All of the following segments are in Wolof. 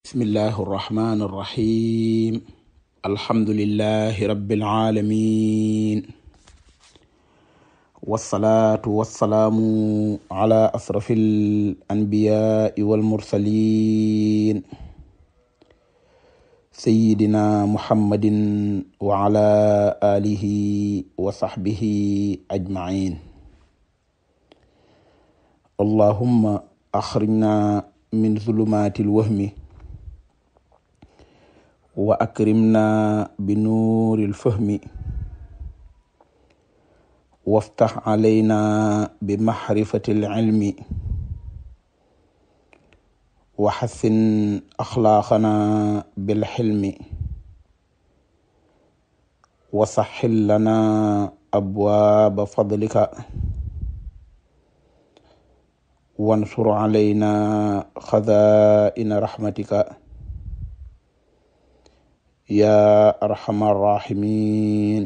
bismillahi arrahmani irrahim alhamdulilahi rabilalamin walsalaatu walsalaamu ala asrafi alanbiyaai walmursalin sayidina muhammadin wa ala alihi wa saxbihi ajmain min zulumaati alwahmi wa akrimna bi nuuril fahmi waftax alayna bi maxrifatil ilmi wa xassin axlaaqana bil xilmi wa saxxil lana abwaaba fadlika wansur alayna xazaa'ina raxmatika yaa arhamar raahimiin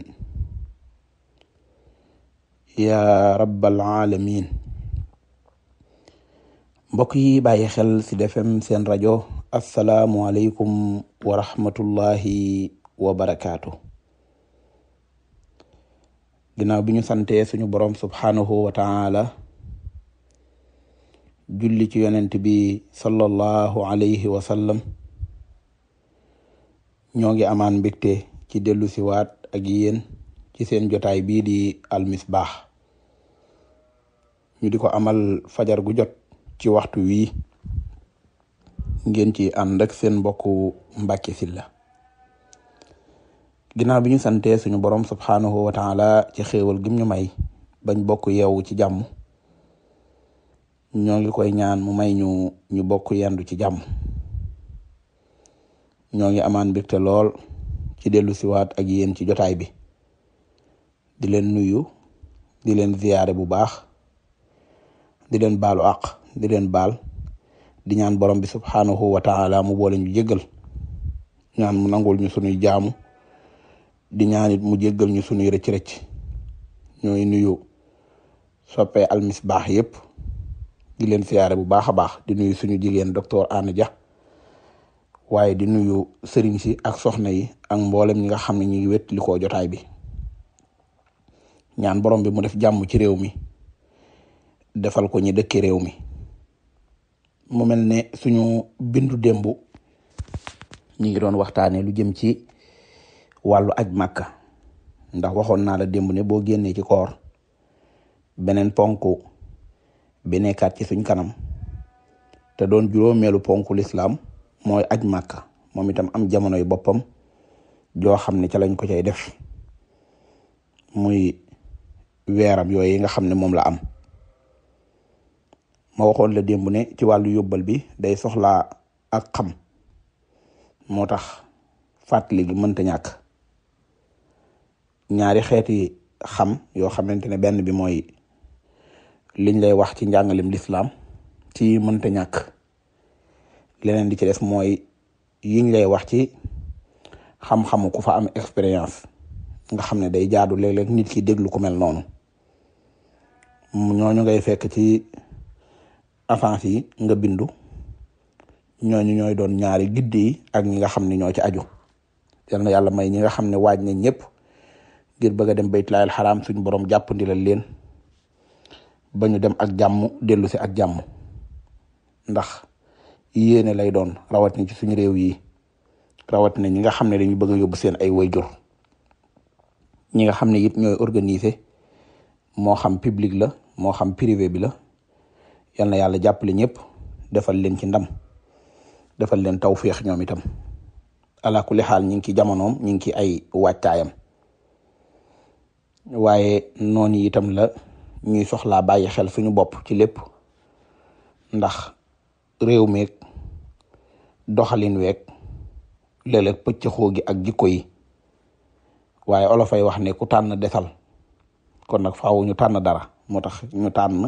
rabbal aalamiin mbokk yi bàyyi xel ci Sud FM seen rajo asalaamualeykum wa rahmatullahi barakaatu. ginnaaw bi ñu santee suñu borom subhaanahu wa taala julli ci yonent bi sallallahu alayhi wa ñoo ngi amaan mbégte ci dellu siwaat ak yéen ci seen jotaay bii di almisbaax ñu di ko amal fajar gu jot ci waxtu wii ngeen ci ànd ak seen mbokku Mbàkke Sylla ginnaaw bi ñu santee suñu borom subhanahu wa ci xéewal gim ñu may bañ bokk yeewu ci jàmm ñoo ngi koy ñaan mu may ñu ñu bokk yendu ci jàmm ñoo ngi amaan mbégte lool ci dellu siwaat ak yéen ci jotaay bi di leen nuyu di leen siyaare bu baax di leen baalu àq di leen baal di ñaan borom bi subhanahu wa taala mu boole ñu jéggal ñaan mu nangul ñu sunuy jaamu di ñaanit mu jéggal ñu sunuy rëcc-rëcc ñooy nuyu soppee baax yépp di leen siyaare bu baax a baax di nuyu suñu jigéen docteur Anna Dia waaye di nuyu sëriñ si ak soxna yi ak mboolem ñi nga xam ne ñu ngi wét jotaay bi ñaan borom bi mu def jàmm ci réew mi defal ko ñi dëkki réew mi mu mel ne suñu bindu démb ñu ngi doon waxtaanee lu jëm ci wàllu aj màkka ndax waxoon naa la démb ne boo génnee ci koor beneen ponk bi nekkaat ci suñ kanam te doon juróomeelu ponk lislaam mooy aj màkka moom itam am jamonoy boppam joo xam ne ca lañ ko cay def muy weeram yooyu nga xam ne moom la am ma waxoon la démb ne ci wàllu yóbbal bi day soxla ak xam moo tax fàttali gi mënta ñàkk ñaari xeeti xam yoo xamante ne benn bi mooy liñ lay wax ci njàngalim lislaam ci mënta ñàkk leneen li ci def mooy yiñ lay wax ci xam-xamu ku fa am expérience nga xam ne day jaadu léeg-léeg nit ki déglu ku mel noonu ñooñu ngay fekk ci avance yi nga bindu ñooñu ñooy doon ñaari giddi yi ak ñi nga xam ne ñoo ci aju yal na yàlla may ñi nga xam ne waaj nañ ñëpp ngir bëgg a dem baytulaayal xaraam suñ borom jàppandi la leen bañu dem ak jàmm dellu si ak jàmm ndax yéene lay doon rawatina ci suñu réew yi rawatina ñi nga xam ne dañu bëgg a yóbbu seen ay wayjur ñi nga xam ne it ñooy organise moo xam public la moo xam privé bi la yal na yàlla jàppale ñëpp defal leen ci ndam defal leen taw tawféex ñoom itam ala xaal ñu ngi ci jamonoom ñu ngi ci ay waajtaayam waaye noonu itam la ñuy soxlaa bàyyi xel suñu bopp ci lépp ndax réew meeg doxalin week léeg-léeg pëcc gi ak giko yi waaye olofay wax ne ku tànn desal kon nag faaw ñu tànn dara moo tax ñu tànn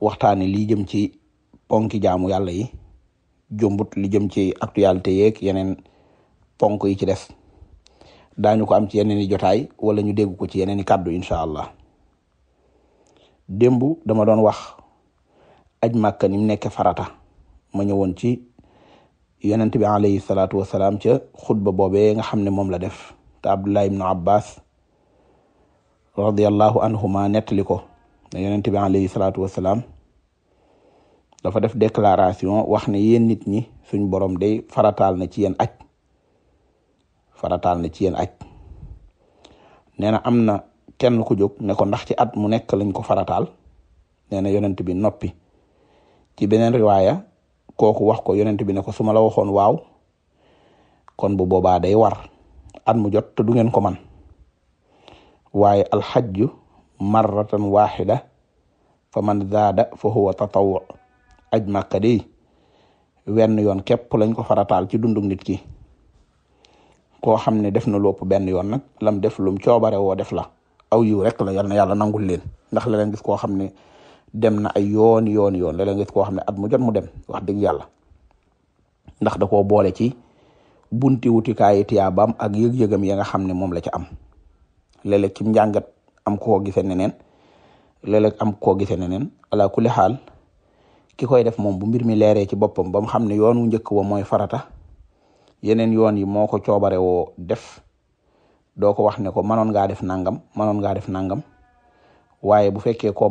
waxtaane li jëm ci ponki jaamu yàlla yi jombut li jëm ci actualité yeeg yeneen ponk yi ci def daañu ko am ci yeneen i jotaay wala ñu dégg ko ci yeneen i kàddu incha allah démb dama doon wax aj màkka ni mu nekk farata ma ñëwoon ci yonent bi alayhi salaatu wasalaam ca xutba boobe nga xam ne moom la def te abdullah ibnu abbas radiallahu anhuma nettali ko ne yonent bi alayhi salaatu wasalaam dafa def déclaration wax ne yéen nit ñi suñ borom day farataal na ci yéen aj farataal na ci yéen aj nee na am na kenn ku jóg ne ko ndax ci at mu nekk lañ ko farataal nee na yonent bi noppi ci beneen riwaaya kooku wax ko yonent bi ne ko su ma la waxoon waaw kon bu boobaa day war at mu jot te du ngeen ko man waaye alxajju marratan waxida fa man zaada fa huwa tatawu aj màkka day wenn yoon képp lañ ko farataal ci dundu nit ki koo xam ne def na lopp benn yoon nag lam def lum coobare woo def la aw yiw rek la yal na nangul leen ndax la leen gis xam ne dem na ay yoon yoon yoon léeg-léeg nga koo xam ne at mu jot mu dem wax dëgg yàlla ndax da ko boole ci bunti wutikaayi bam ak yëg-yëgam ya nga xam ne moom la ca am léeg-léeg ci njàngat am koo gisee ne léeg-léeg am koo gisee neneen ala kulli xaal ki koy def moom bu mbir mi leeree ci boppam ba xam ne yoon wu njëkk wa mooy farata yeneen yoon yi moo ko coobare woo def doo ko wax ne ko mënoon ngaa def nangam mënoon ngaa def nangam waaye bu fekkee koo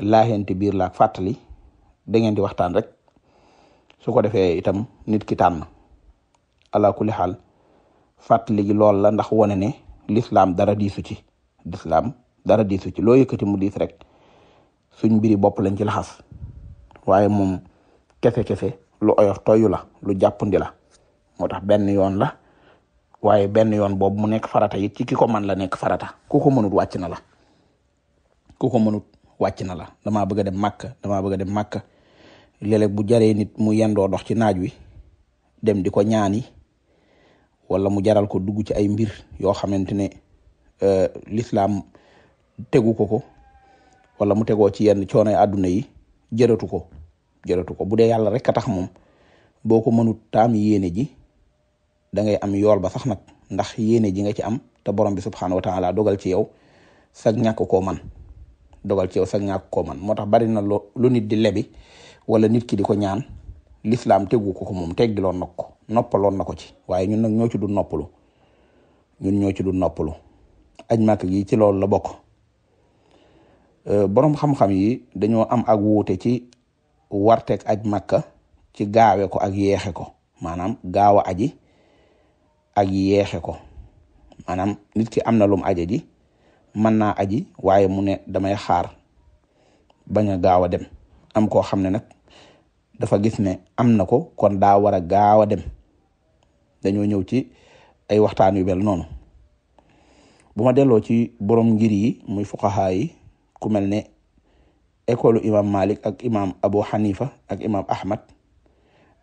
laaxeenti biir la fàttali da di waxtaan rek su ko defee itam nit ki tànn ala kulli xaal fàttali gi lool la ndax wane ne lislaam dara diisu ci lislaam dara diisu ci loo mu diis rek suñ mbiri bopp lañ ci laxas waaye moom kese-kese lu oyof toyu la lu jàppandi la moo tax benn yoon la waaye benn yoon boobu mu nekk farata it ci ki ko man la nekk farata ku ko mënut wàcc na la kuko ko wàcc na la damaa bëgg a dem màkk damaa bëgg dem màkk léeg bu jaree nit mu yendoo dox ci naaj wi dem di ko ñaani wala mu jaral ko dugg ci ay mbir yoo xamante ne euh, lislaam tegu ko ko wala mu tegoo ci yenn coono àdduna yi jëratu ko jëratu ko bu dee yàlla rek a tax moom boo ko mënut taam yéene ji da am yool ba sax nag ndax yéene ji nga ci am te borom bi subxanahu wa taala dogal ci yow sag ñàkk koo man dogal ci o sax ñàkk koo man moo tax bari na lu lu nit di lebi wala nit ki di ko ñaan lislaam tegu ko ko moom teggiloon na ko noppaloon na ko ci waaye ñun nag ñoo ci du noppalu ñun ñoo ci du noppalu aj màkk gi ci loolu la bokk euh, boroom xam-xam yi dañoo am ag wuute ci warteeg aj màkka ci gaawe ko ak yeexe ko maanaam gaawa a aji ak yeexe ko maanaam nit ki am na lum aja ji mën naa aji waaye mu ne damay xaar bañ a gaaw a dem am koo xam ne nag dafa gis ne am na ko kon daa war a gaaw a dem dañoo ñëw ci ay waxtaan yu mel noonu bu ma delloo ci borom ngir yi muy fuqaha yi ku mel ne école imam Malik ak imam Abu Hanifa ak imam Ahmad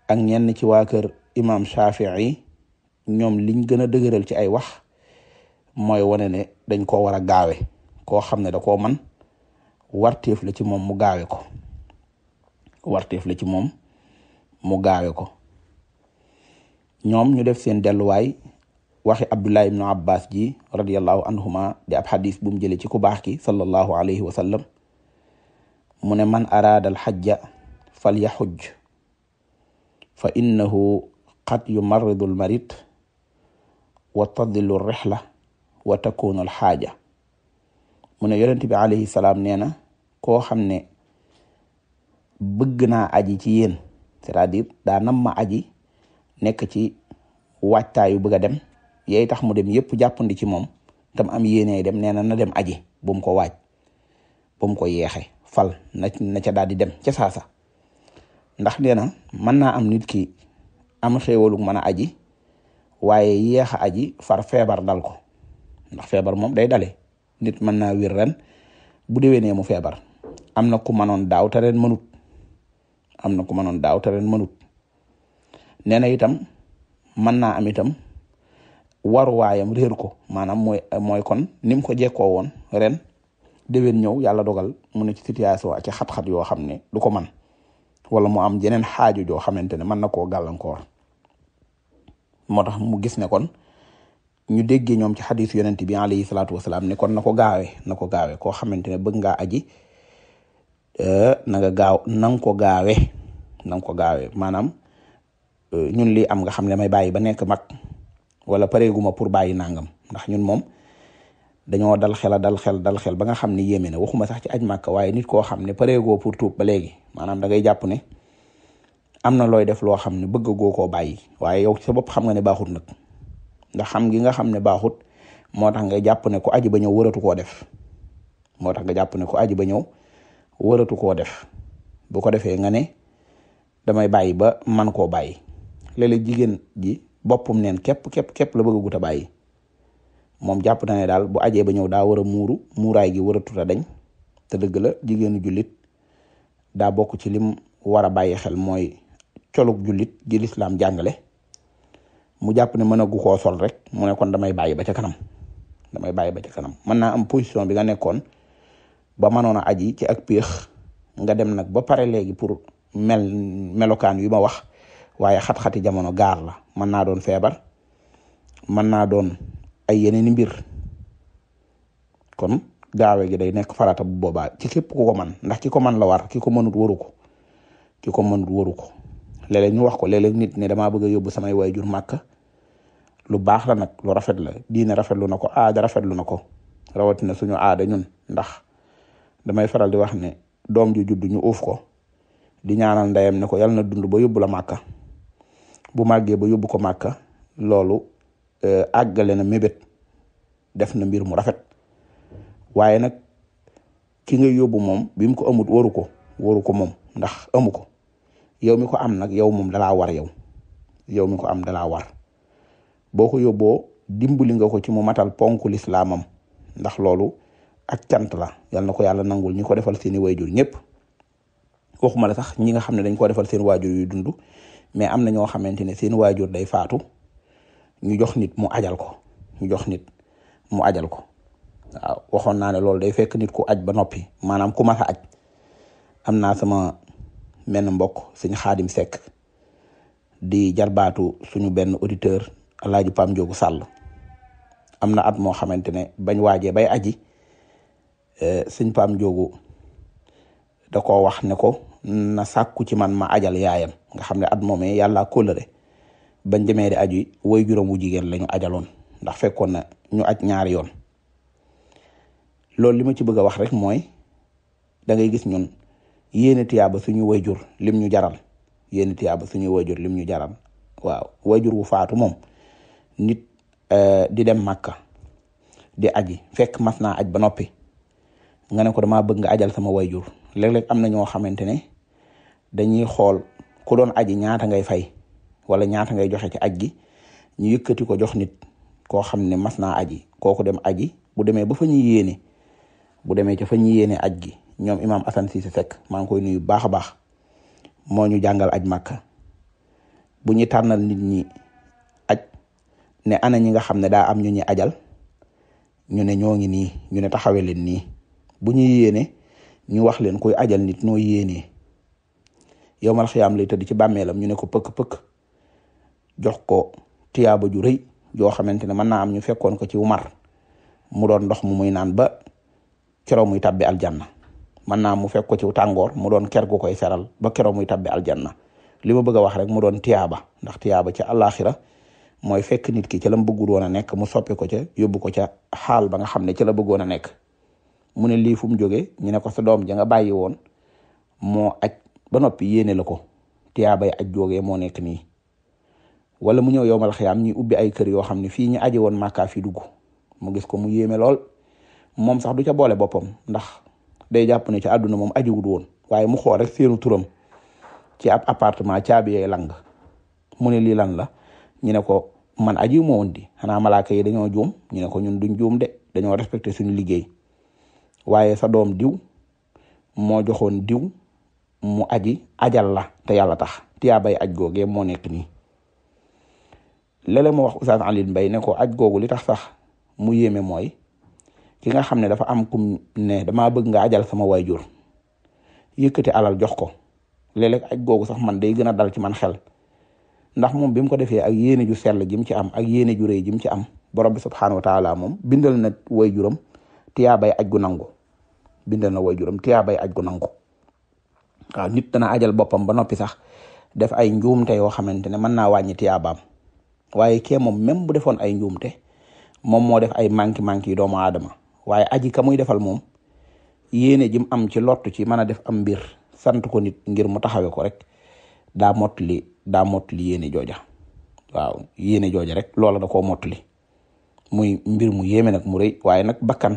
ak ñenn ci waa kër imam Shafi'i ñoom liñ gën a dëgëral ci ay wax mooy wane ne dañ koo war a gaawe koo xam ne da koo man warteef la ci moom mu gaawe ko warteef la ci moom mu gaawe ko ñoom ñu def seen delluwaay waxi abdullah ibnu abbas ji radiallahu anhuma di ab xadis bu mu jële ci ku baax ki sallallahu alayhi wa sallam mu ne man araada alxajja fal yaxujj fa innahu qad yumarridu almarid wa tadilu rixla wa takunu al xaaja mu ne yonent bi alayhi salaam nee na koo xam ne bëgg naa aji ci yéen c'est-à-dire daa nam ma aji nekk ci waajtaayu bëgg a dem yey tax mu dem yëpp jàppandi ci moom tam am yéenee dem nee na na dem aji bu ko waaj bu ko yeexe fal na na ca daal di dem ca saasa ndax nee na mën naa am nit ki am xéewalu mën a aji waaye yeex a aji far feebar dal ko ndax feebar moom day dale nit mën naa wér ren bu déwénee mu feebar am na ku mënoon daaw te ren mënut am na ku mënoon daaw te ren nee na itam mën naa am itam waruwaayam réer ko maanaam mooy kon ni mu ko jekkoo woon ren déwén ñëw yàlla dogal mu ne ci situation ci xat-xat yoo xam ne du ko man wala mu am jeneen xaaju joo xamante ne mën na koo gàllankoor moo tax mu gis ne kon ñu dégg ñoom ci xadisu yonent bi alayhi salaatu wasalaam ne kon nako ko gaawe na ko gaawe koo xamante ne bëgg ngaa aji euh, na gaaw na ko gaawe na ko gaawe maanaam euh, ñun lii am nga xam ne may bàyyi ba nekk mag wala pareeguma pour bàyyi nangam ndax ñun moom dañoo dal xela dal xel dal xel ba nga xam ne yéeme na waxuma sax ci aj màkk waaye nit koo xam ne pareegoo pour tuub ba léegi maanaam da ngay jàpp ne am na looy def loo xam ne bëgg goo koo bàyyi waaye yow ci sa bopp xam nga ne baaxut nag nga xam gi nga xam ne baaxut moo tax nga jàpp ne ko aji ba ñëw waratu koo def moo tax nga jàpp ne ku aji ba ñëw waratu koo def bu ko defee nga ne damay bàyyi ba man koo bàyyi léeg jigéen ji boppam nen képp képp képp la bëgg a gut bàyyi moom jàpp na ne daal bu ajee ba ñëw daa war a muuru muuraay gi war a tuta dañ te dëgg la jigéenu julit daa bokk ci lim war a bàyyi xel mooy colug julit gi lislaam jàngale mu jàpp ne mën a gu koo sol rek mu ne kon damay bàyyi ba ca kanam damay bàyyi ba ca kanam mën naa am position bi nga nekkoon ba manoon a aji ci ak piix nga dem nag ba pare léegi pour mel melokaan yu ma wax waaye xat-xati jamono gaar la mën naa doon feebar mën naa doon ay yeneen mbir kon gaawe gi day nekk farata bu boobaa ci képp ku ko man ndax ki ko man la war ki ko mënut waru ko ki ko mënut waru ko léeg ñu wax ko léeg nit ne damaa bëgg a yóbbu samay jur màkk lu baax la nag lu rafet la diine rafetlu na ko aada rafetlu na ko rawatina suñu aada ñun ndax damay faral di wax ne doom ju judd ñu uuf ko di ñaanal ndeyam ne ko yal na dund ba yóbbu la màkka bu màggee ba yóbbu ko màkka loolu eh, àggale na mébét def na mbir mu rafet waaye nag ki nga yóbbu moom bi ko amut waru ko waru ko moom ndax amu ko yow mi ko am nag yow moom dalaa war yow yow mi ko am dalaa war boo ko yóbboo dimbali nga ko ci mu matal ponk lislaamam ndax loolu ak cant la yal na ko yàlla nangul ñi ko defal seeni wayjur ñëpp waxuma la sax ñi nga xam ne dañ ko defal seen waajur yuy dund mais am na ñoo xamante ne seen waajur day faatu ñu jox nit mu ajal ko ñu jox nit mu ajal ko waaw waxoon naa ne loolu day fekk nit ku aj ba noppi maanaam ku mas a aj am naa sama menn mbokk sëñ xaadim sekk di jarbaatu suñu benn auditeur alaaji Pam Njoogu Sàll am na at moo xamante ne bañ waajee bay aji eh, sëñ Pam joogu da ko wax ne ko na sàkku ci man ma ajal yaayam nga xam ne at moomee yàlla kóllëre bañ demee di aju woy juróom wu jigéen lañu ajaloon ndax fekkoon na ñu aj ñaari yoon loolu li ci bëgg wax rek mooy da ngay gis ñun yéene tiyaaba suñu wayjur lim ñu jaral yéene tiyaaba suñu wayjur lim ñu jaral waaw wayjur wu faatu moom nit euh, di dem màkka di aji fekk mas naa aj ba noppi nga ne ko damaa bëgg nga ajal sama wayjur léeg-léeg am na ñoo xamante ne dañuy xool ku doon aji ñaata ngay fay wala ñaata ngay joxe ci aj gi ñu yëkkati ko jox nit koo xam ne mas naa aji kooku dem aji bu demee ba fa ñuy yéene bu demee ca fa ñuy yéene aj gi ñoom imaam Assane Cissé Seck maa ngi koy nuyu baax a baax moo ñu jàngal aj màkka bu ñu tànnal nit ñi ne ana ñi nga xam ne daa am ñu ñuy ajal ñu ne ñoo ngi nii ñu ne taxawee leen nii bu ñuy yéene ñu wax leen koy ajal nit noo yéenee yow mal xiyaam lay tëdd ci bàmmeelam ñu ne ko pëkk-pëkk jox ko tiyaaba ju rëy joo xamante ne mën naa am ñu fekkoon ko ciw mar mu doon ndox mu muy naan ba keroo muy tabbi aljanna mën naa mu fekk ko ci tàngoor mu doon ker koy feral ba keroo muy tabbi aljanna li ma bëgg wax rek mu doon tiyaaba ndax tiyaaba ci àllaaxira mooy fekk nit ki ca la mu bëggul woon a nekk mu soppi ko ca yóbbu ko ca xaal ba nga xam ne ca la bëggoon a nekk mu ne lii fu mu jógee ñu ne ko sa doom ja nga bàyyi woon moo aj ba noppi yéene la ko tiyaa bay aj jógee moo nekk nii wala mu ñëw yowmal xiyaam ñi ubbi ay kër yoo xam ne fii ñu aje woon màkkaa fi dugg mu gis ko mu yéeme lool moom sax du ca boole boppam ndax day jàpp ne ca àdduna moom ajiwut woon waaye mu xool rek seenu turam ci ab appartement caabi yee lang mu ne lii la ñu ne ko man aju ma woon di xanaa malaaka yi dañoo juum ñu ne ko ñun duñ juum de dañoo respecté suñu liggéey waaye sa doom diw moo joxoon diw mu aji ajal la te yàlla tax tiyaa bay aj googe moo nekk nii léeg-léeg wax Oustaz Alioune Mbaye ne ko aj googu li tax sax mu yéeme mooy ki nga xam ne dafa am kum ne damaa bëgg nga ajal sama waajur yëkkati alal jox ko léeg-léeg aj googu sax man day gën a dal ci man xel ndax moom bi mu ko defee ak yéene ju sell jim ci am ak yéene ju rëy jim ci am borom bi subxanahu wa taala moom bindal na way juram tiyaabay aj gu nangu bindal na way juram tiyaabay aj gu nangu waaw nit dana ajal boppam ba noppi sax def ay njuumte yoo xamante ne mën naa wàññi tiyaabaam waaye kee moom même bu defoon ay njuumte moom moo def ay manki manki yi doomu aadama waaye aji ka defal moom yéene jim am ci lottu ci mën a def am mbir sant ko nit ngir mu taxawe ko rek daa mot daa mottali yéene jooja waaw yéene jooja rek loola da koo mottali muy mbir mu yéeme nag mu rëy waaye nag bakkan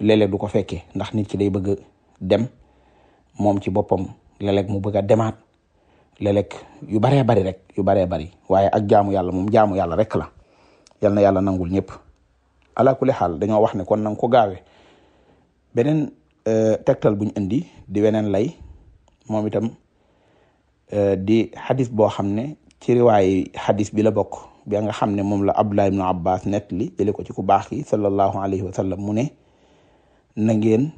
léeg-léeg du ko fekkee ndax nit ki day bëgg a dem moom ci boppam léeg mu bëgg a demaat léeg yu baree bari rek yu baree bari waaye ak jaamu yàlla moom jaamu yàlla rek la yal na yàlla nangul ñëpp ala kulli xaal dañoo wax ne kon nanga ko gaawee beneen euh, tegtal buñ indi di weneen lay moom itam Euh, di xadis boo xam ne ci riwaayi xadis bi la bokk bi nga xam ne moom la Abdullah ibnu Abbas nett li jële ko ci ku baax ki sallallahu alayhi wa sallam mu ne na ngeen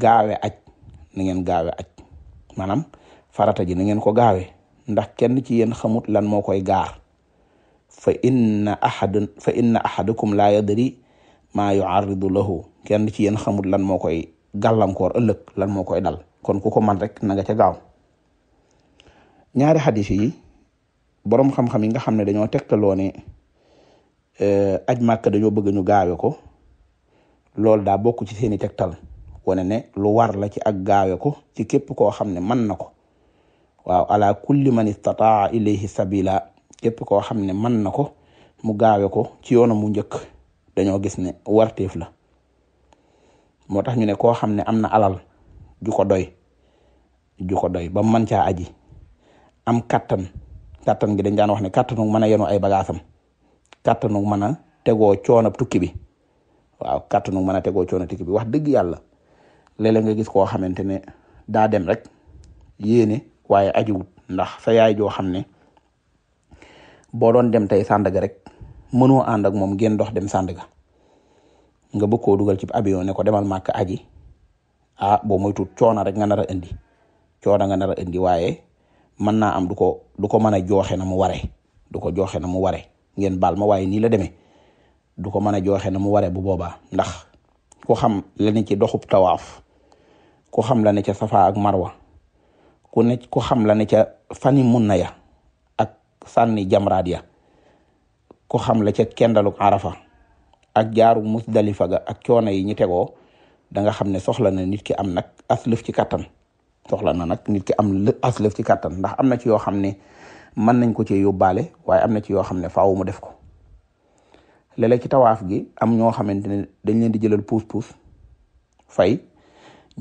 gaawe aj na ngeen gaawe aj maanaam farata ji na ngeen ko gaawe ndax kenn ci yéen xamut lan moo koy gaar fa inna ahad fa inna ahadukum laa yadri maa yuarridu lahu kenn ci yéen xamut lan moo koy gàllankoor ëllëg lan moo koy dal kon ku ko man rek na nga ca gaaw ñaari xadis yi boroom xam-xam yi nga xam ne dañoo tegtaloo ne eh, aj màkk dañoo bëgg ñu gaawe ko loolu daa bokk ci seeni tegtal wane ne lu war la ci ak gaawe ko ci képp koo xam ne mën na ko waaw ala kulli man istataa ilayhi sabila képp koo xam ne mën na ko mu gaawe ko ci yoonam mu njëkk dañoo gis ne warteef la moo tax ñu ne koo xam ne am na alal ju ko doy ju doy ba mën caa aji am kattan kattan gi dañ daan wax ne kattanu mën a yenu ay bagaasam kattanu mën a tegoo coono tukki bi waaw kattanu mën a tegoo coono tukki bi wax dëgg yàlla léeg-léeg nga gis koo xamante ne daa dem rek yéene waaye ajiwut ndax sa yaay joo xam ne boo doon dem tey Sandaga rek mënoo ànd ak moom ngeen dox dem Sandaga nga bëgg koo dugal ci abiyo ne ko demal màkk aji ah boo moytuwut coono rek nga nar a indi coono nga nar a indi waaye. mën naa am du ko du ko mën a jooxe na mu ware du ko jooxe na mu ware ngeen baal ma waaye nii la demee du ko mën a jooxe na mu ware bu boobaa ndax ku xam la ne ci doxub tawaaf ku xam la ne ca safa ak marwa ku ne ku xam la ne ca fani mun na ya ak sànni jamraat ya ku xam la ca kendaluk arafa ak jaaru musdalifa ga ak coono yi ñu tegoo da xam ne soxla na nit ki am nag aslëf ci kattan soxla na nag nit ki am aslëf ci kàttan ndax am na ci yoo xam ne mën nañ ko cee yóbbaale waaye am na ci yoo xam ne faaw mu def ko léeg ci tawaaf gi am ñoo xamante ne dañ leen di jëlal puus-puus fay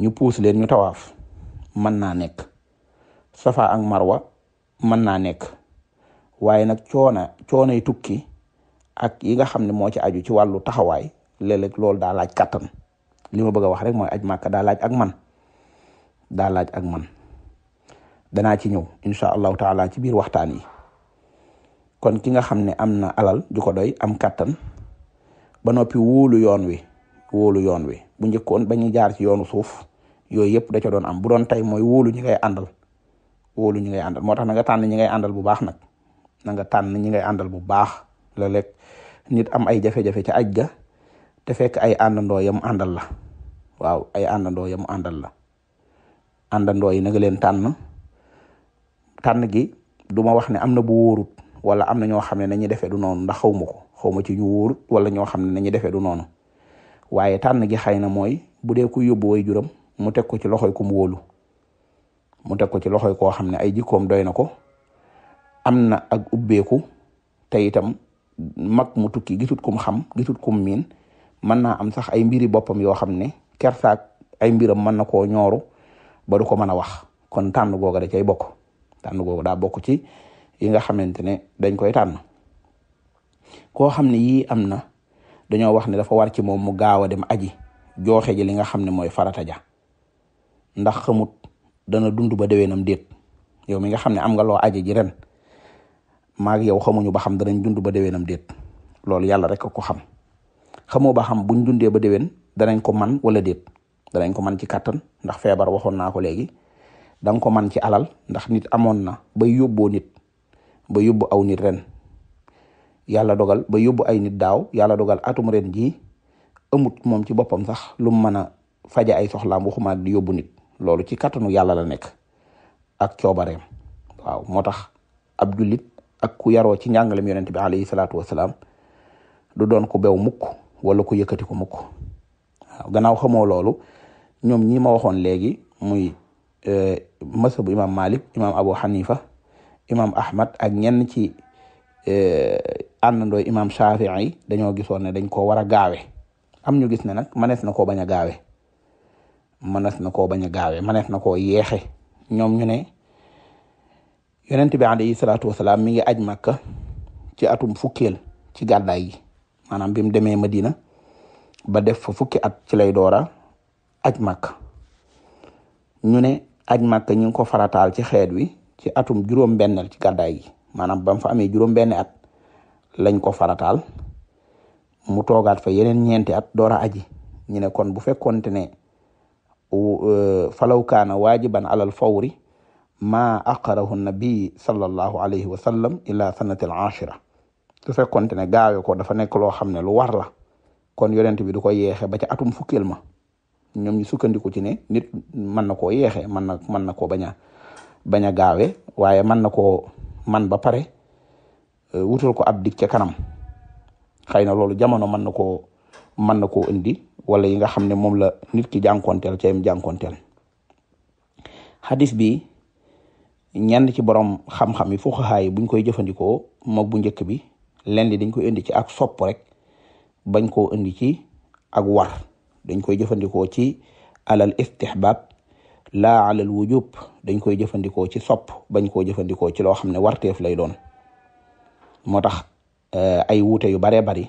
ñu puus leen ñu tawaaf mën naa nekk safa ak marwa mën naa nekk waaye nag coona coonay tukki ak yi nga xam ne moo ci aju ci wàllu taxawaay léeg-léeg loolu daa laaj kàttan li ma bëgg wax rek mooy aj màkka daa laaj ak man daa laaj ak man danaa ci ñëw incha allahu taala ci biir waxtaan yi kon ki nga xam ne am na alal ju ko doy am kàttan ba noppi wulu yoon wi wóolu yoon wi bu njëkkoon ba ñu jaar ci yoonu suuf yooyu yëpp da ca doon am bu doon tey mooy wóolu ñi ngay àndal wóolu ñi ngay àndal moo tax na nga tànn ñi ngay àndal bu baax nag na nga tànn ñi ngay àndal bu baax la nit am ay jafe-jafe ca aj ga te fekk ay àndandoo yam àndal la waaw ay àndandoo yam àndal la àndandoo yi na nga leen tànn tànn gi du ma wax ne am na bu wóorut wala am na ñoo xam ne nañu defee du noonu ndax xawma ko xawma ci ñu wóorut wala ñoo xam ne nañu defee du noonu waaye tànn gi xëy na mooy bu dee ku way juram mu teg ko ci loxoy ku mu wóolu mu teg ko ci loxoy koo xam ne ay jikkoom doy na ko am na ak ubbeeku te itam mag mu tukki gisut kum xam gisut kum miin mën naa am sax ay mbiri boppam yoo xam ne kersaak ay mbiram mën na koo ñooru ba du ko mën a wax kon tànn googa da cay bokk tànn googa daa bokk ci yi nga xamante ne dañ koy tànn koo xam ne yii am na dañoo wax ne dafa war ci moom mu gaaw a dem aji joxe ji li nga xam ne mooy farata ja ndax xamut dana dund ba déwénam déet yow mi nga xam ne am nga loo aji ji ren maag yow xamuñu ba xam danañ dund ba déwénam déet loolu yàlla rek ko xam xamoo ba xam buñ dundee ba déwén danañ ko man wala déet danañ ko man ci kattan ndax feebar waxoon naa ko léegi danga ko man ci alal ndax nit amoon na ba yóbboo nit ba yóbbu aw nit ren yàlla dogal ba yóbbu ay nit daaw yàlla dogal atum ren jii ëmut moom ci boppam sax lu mu mën a faja ay soxlaam waxuma ak di yóbbu nit loolu ci kattanu yàlla la nekk ak coobareem waaw moo tax ab jullit ak ku yaroo ci njàngalem yonent bi alayhi salaatu wasalaam du doon ku bew mukk wala ku yëkkati ko mukk waaw gannaaw xamoo loolu ñoom ñi ma waxoon léegi muy euh, masabu imam malik imam abu hanifa imam ahmad ak ñenn ci euh, àndandoo imam shafii dañoo gisoon ne dañ ko war a gaawe am ñu gis ne nag manees na koo bañ a gaawe manees na ko bañ gaawe manees na koo yeexe ñoom ñu ne yonent bi alayhi salaatu wasalaam mi ngi aj makka ci atum fukkeel ci gàddaay yi maanaam bi mu demee madina ba def fa fukki at ci lay doora aj màkk ñu ne aj màkk ñu ngi ko farataal ci xeet wi ci atum juróom-benneel ci gàddaay gi maanaam ba fa amee juróom-benn at lañ ko farataal mu toogaat fa yeneen ñeenti at door a aji ñu ne kon bu fekkonte ne e, falaw kaana waajiban alal fawri ma aqarahu nabi sallallahu alayhi wa sallam ila sanati al ashira su fekkonte ne gaawe ko dafa nekk loo xam ne lu war la kon yonent bi du ko yeexe ba ca atum fukkil ma ñoom ñu sukkandiku ci ne nit mën na koo yeexee man na mën na koo bañ bañ a gaawee waaye mën na koo man ba pare euh, wutal ko ab dig ca kanam xëy na loolu jamono mën na koo mën na koo indi wala yi nga xam ne moom la nit ki jànkonteel ca yem jànkonteel xadis bi ñenn ci borom xam-xam yi fuqahaa buñ koy jëfandikoo moog bu njëkk bi lenn li dañ koy indi ci ak sopp rek bañ koo indi ci ak war dañ koy jëfandikoo ci alal istihbab laa alal wujub dañ koy jëfandikoo ci sopp bañ koo jëfandikoo ci loo xam ne warteef lay doon moo tax eh, ay wuute yu baree bari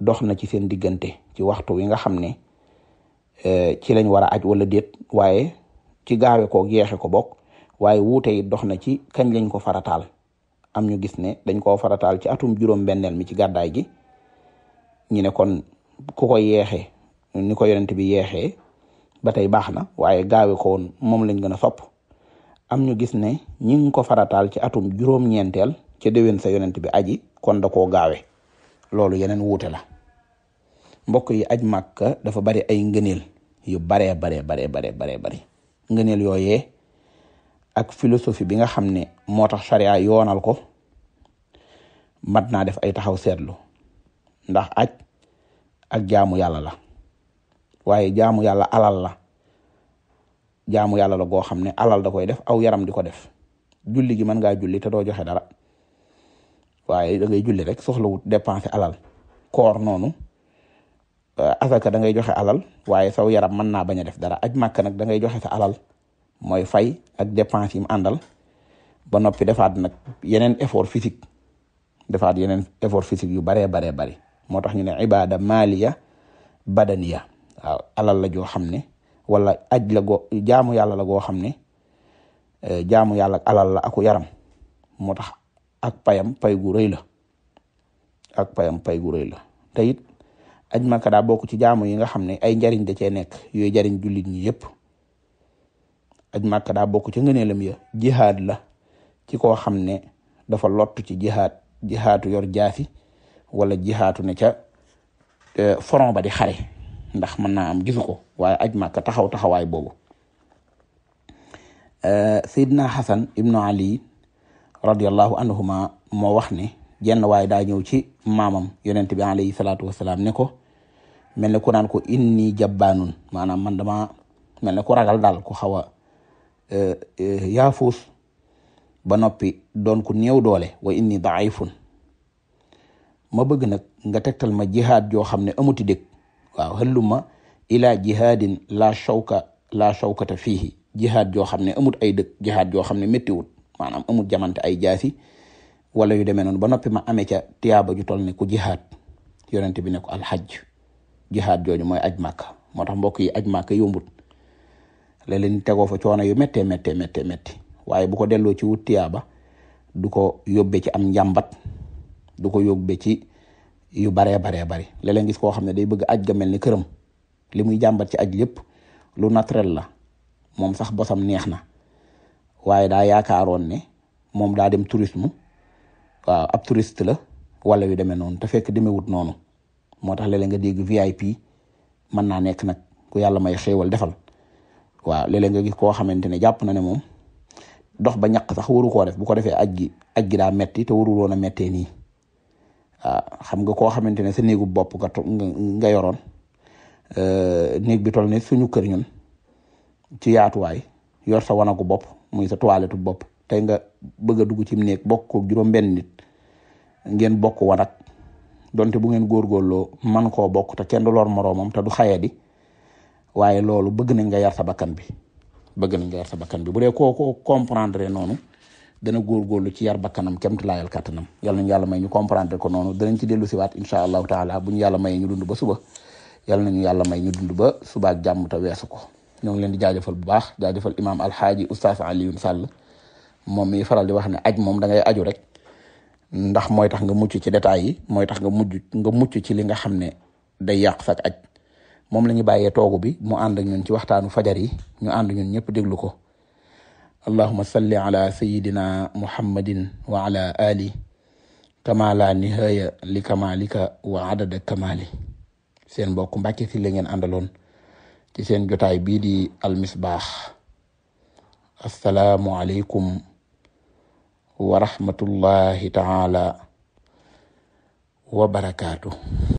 dox na ci seen diggante ci waxtu wi nga xam ne eh, ci lañ war a aj wala déet waaye ci gaawe ko yeexe ko bokk waaye wuute yi dox na ci kañ lañ ko farataal am ñu gis ne dañ ko farataal ci atum juróom benneel mi ci gàddaay gi ñu ne kon ku ko yeexe ni ko yonent bi yeexee ba tey baax na waaye gaawe ko woon moom lañ gën a sop am ñu gis ne ñi ngi ko farataal ci atum juróom-ñeenteel ca déwén sa yonent bi aji kon da koo gaawe loolu yeneen wuute la mbokk yi aj màkka dafa bari ay ngëneel yu baree baree baree baree baree bari ngëneel yooyee ak philosophie bi nga xam ne moo tax charia yoonal ko mat naa def ay taxaw seetlu ndax aj ak jaamu yàlla la waaye jaamu yàlla alal la jaamu yàlla la goo xam ne alal da koy def aw yaram di ko def julli gi mën ngaa julli ta doo joxe dara waaye da ngay julli rek soxlawut dépenser alal koor noonu euh, asaka da ngay joxe alal waaye saw yaram mën naa bañ a def dara aj màkk nag da ngay joxe sa alal mooy fay ak dépense yi mu àndal ba noppi defaat nag yeneen effort physique defaat yeneen effort physique yu baree baree bari moo tax ñu ne ibada maliya badaniya waaw alal la joo xam ne wala aj la go jaamu yàlla la goo xam ne eh, jaamu yàlla alal la aku yaram moo tax ak payam pay gu rëy la ak payam pay gu rëy la te it aj maka daa bokk ci jaamu yi nga xam ne ay njariñ da cee nekk yooyu jariñ jullit ñi yëpp aj maka daa bokk ci ngëneelam ya jihaad la ci koo xam ne dafa lottu ci jihaad jihaatu yor jaafi wala jihaatu ne ca eh, front ba di xare ndax mën naa am gisu ko waaye aj màkka taxaw taxawaay boobu euh, Seydina Xasan ibnu Ali radiallahu anhuma moo wax ne jenn waaye daa ñëw ci maamam yonent bi alayhi salaatu wasalaam ne ko mel ne ku naan ko inni jabbaanun maanaam man dama mel ne ku ragal daal ku xawa a euh, euh, ba noppi doon ku néew doole wa inni daifun ma bëgg nag nga tegtal ma jihaad joo xam ne amuti dëkk waaw hëlluma ila jihadin la shawka la shawkata fiihi jihaad joo xam ne amut ay dëkk jihaad joo xam ne méttiwut maanaam amut jamante ay jaasi wala yu demee noonu ba noppi ma amee ca tiyaaba ju toll ne ku jihaad yonente bi ne ko alxaj jihaad jooju mooy aj màkk moo tax mbokk yi aj màkk yombut la leen tegoo fa coono yu mette méttee méttee métti waaye bu ko delloo ci wut tiyaaba du ko yóbbee ci am njàmbat du ko yóbbee yu baree baree bari léeg-léeg xam ne day bëgg aj ga mel ni këram li muy jàmbat ci aj lépp lu naturel la moom sax bosam neex na waaye daa yaakaaroon ne moom daa dem tourism waaw ab touriste la wala yu demee noonu te fekk demewut noonu moo tax léeg-léeg nga dégg VIP mën naa nekk nag ku yàlla may xéewal defal waaw léeg-léeg gis koo xamante ne jàpp na ne moom dox ba ñaq sax waru koo def bu ko defee aj gi aj gi daa metti te waruloon a mettee nii Ah, xam nga koo xamante ne sa néegu bopp nga nga yoroon eh, néeg bi ne suñu kër ñun ci yaatuwaay yor sa wanaku bopp muy sa toilette bopp tey nga bëgg a dugg ci néeg bokk ko juróom-benn nit ngeen bokk wanag donte bu ngeen góorgóorloo man koo bokk te kenn du lor moroomam te du xaye di waaye loolu bëgg nañ nga yar sa bakkan bi bëgg nañ nga sa bakkan bi bu dee koo ko comprendre noonu dana góor góorlu ci yar bakkanam kemt laayal kàttanam yàlla nañu yàlla may ñu comprendre ko noonu danañ ci dellu siwaat insha allahu taala bu ñu yàlla mayee ñu dund ba suba yàlla nañu yàlla may ñu dund ba suba ak jàmm te weesu ko ñoo ngi leen di jaajëfal bu baax jaajëfal imaam alxaaji oustaz Alioune Sall moom mii faral di wax ne aj moom dangay aju rek ndax mooy tax nga mucc ci détails yi mooy tax nga mujj nga mucc ci li nga xam ne day yàq sax aj moom la ñu bàyyee toogu bi mu ànd ak ñun ci waxtaanu fajar yi ñu ànd ñun ñëpp déglu ko allahuma salli ala sayidina muhammadin wa ala ali kama nihaya li wa adada kamali seen mbokk Mbàkke Sylla ngeen àndaloon ci seen jotaay bii di almisbaax assalaamu aleykum wa taala wa barakaatu